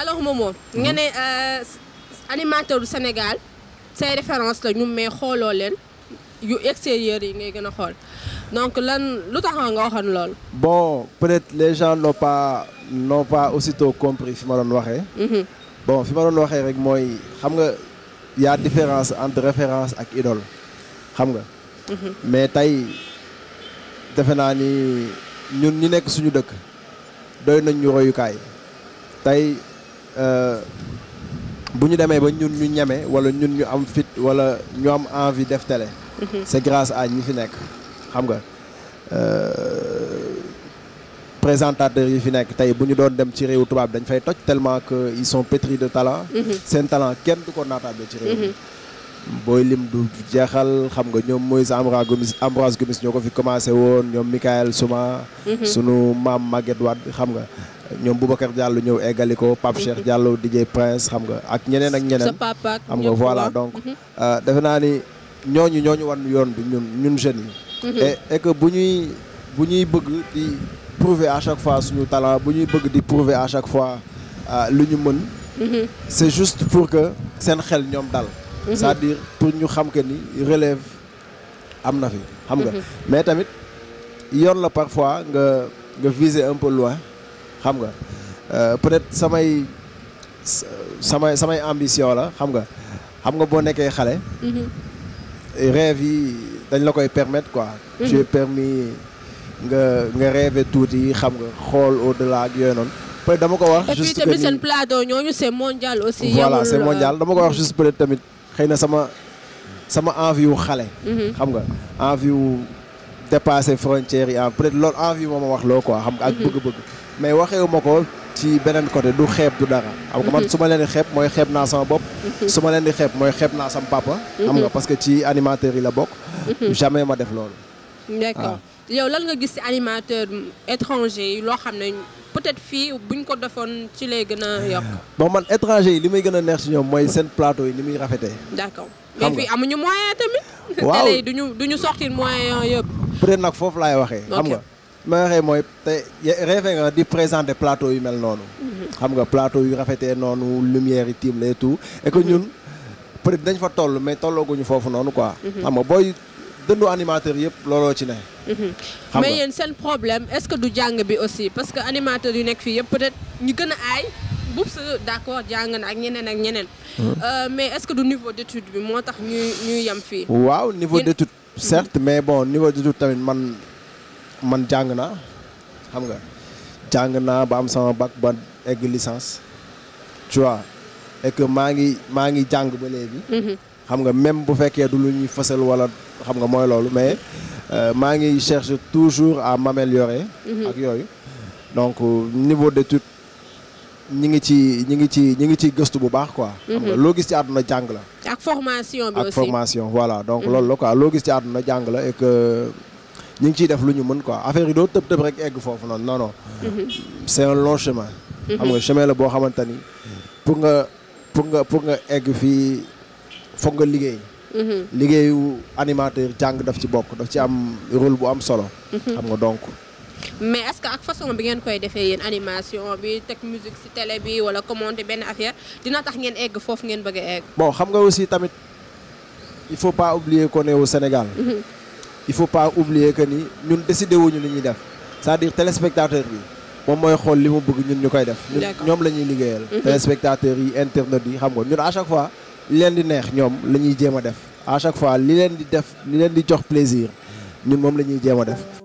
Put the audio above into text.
alors Momo nga ne euh, animateur du Sénégal say référence la ñu mais xooloo leen yu extérieur yi ngay gën a xool donc lan lu tax nga waxoon lool. bon peut-être les gens n'ont pas n'ont pas aussitôt compris fi ma doon waxee. Mhm. bon fi doon waxee rek mooy xam nga y différence entre référence ak idole xam nga. Mhm. mais tey defe naa ni. ñun ñi nekk suñu dëkk doy nañ royukaay tey euh, bu ñu demee ba ñun ñu ñeme wala ñun ñu am fit wala ñu am envie def télé. Mhm. c'est grâce à ñi fi nekk xam nga euh, présentateurs yi fi nekk tey bu ñu doon dem ci réew tubaab dañ fay toj tellement que ils sont pétris de talent. Mhm. seen talent kenn du ko naataable ci réew booy lim du jeexal xam nga ñoom Moïse Ambra Gomis Ambroise Gomis ñoo ko fi commencé woon ñoom Michael Souma mhm. sunu maam Maguette Wade xam nga ñoom Boubacar Diallo ñëw eggali ko Pape Cheikh mhm. Diallo DJ Prince xam nga ak ñeneen ak ñeneen xam nga voilà donc mhm. euh, defe naa ni ñooñu ñooñu wan yoon bi ñun ñun jeunes yi et que bu ñuy bu ñuy bëgg di prouver à chaque fois suñu talent bu ñuy bëgg di prouver à chaque fois euh, lu ñu mën c'est juste pour que seen xel ñoom dal Mhm. c'est-à-dire pour ñu xam que ni relève am na fi xam nga mhm. mais tamit yoon la parfois nga nga viser un peu loin xam nga euh, peut-être samay samay samay ambition la xam nga xam nga boo nekkee xale mhm. rêve yi dañ la koy permettre quoi tu es permis nga nga rêver tuuti xam nga xool au-delà ak yooyu noonu peut-être dama ko wax juste que ni euh, dama ko wax juste peut-être tamit xëy na sama sama envie wu xale. Mhm. xam nga envie wu dépasser frontière yi ah, peut-être lool envie moo ma wax loo quoi xam nga ak mhm. bëgg-bëgg. mais waxeewu ma ko ci beneen côté du xeeb du dara. xam nga mhm. su ma leen di xeeb mooy xeeb naa sama bopp. su ma leen di xeeb mooy xeeb naa sama papa. xam nga parce que ci animateur yi la bokk. jamais ma def loolu. d'accord. Ah. yow lan nga gis ci animateur étranger yi loo xam ne peut-être fii buñ ko defoon ci lay gën a yokk. bon man étranger yi li may gën a neex ci ñoom mooy seen plateau yi ni muy rafetee. d'accord mais fii amuñu moyen tamit. waaw télé yi duñu duñu sortir moyen peut-être nag foofu laay waxee. xam nga ma mooy te rêve nga di présenter plateau yi mel noonu. Mhm. xam nga plateau yu rafetee noonu lumière yi tiim la et tout que mhm. ñun peut-être dañ fa toll mais tollooguñu foofu noonu quoi. Mhm. xam nga booy. dëndu animateur yëpp looloo ci ne. Mhm. xam nga mais yéen seen problème est-ce que du jàng bi aussi parce que animateur yu nekk fii yëpp peut-être ñu gën a aay Boups d'accord jàng na ak ñeneen ak ñeneen. Mhm. Euh, mais est-ce que du niveau d'étude bi moo tax ñuy ñuy yem fii. waaw niveau d'étude mhm. certes mais bon niveau d'étude tamit man man jàng naa xam nga jàng naa ba am sama bac ba egg licence tu vois maa ngi maa ngi jàng ba léegi. xam nga même bu fekkee du lu ñuy fësal wala xam nga mooy loolu mais euh, maa ngi cherche toujours à m'améliorer mhm. ak yooyu donc euh, niveau d'étude ñi ngi ci ñi ngi ci ñi ngi ciy gëstu bu baax quoi. xam nga mhm. loo gis ci àdduna jàng ak formation bi formation voilà donc mhm. loolu la quoi loo àdduna jàng la et que ñi ngi ciy def lu ñu mën quoi affaire yi doo tëb tëb rek egg foofu noonu non c'est un long chemin. xam nga chemin la boo xamante ni pour nga pour nga pour nga egg fii. foog nga liggéey. Mhm. liggéeyu animateur jàng daf ci bokk daf ci am rôle bu am solo. Mhm. xam nga donc. mais est que ak façon bi ngeen koy defee yéen animation bi teg musique ci télé bi wala commenter benn affaire dina tax ngeen egg foofu ngeen bëgg a egg. bon xam nga aussi tamit il faut pas oublier ko est au Sénégal. Mhm. il faut pas oublier que ni ñun décidé wuñu li ñuy def c'est-à-dire téléspectateur bi moom mooy xool li mu bëgg ñun ñu koy def. ñoom la ñuy liggéeyal. téléspectateur li leen di neex ñoom la ñuy jéem a def à chaque fois li leen di def li leen di jox plaisir ñun moom la ñuy jéem a def